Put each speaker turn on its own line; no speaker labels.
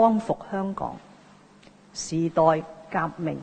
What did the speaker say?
光復香港，時代革命。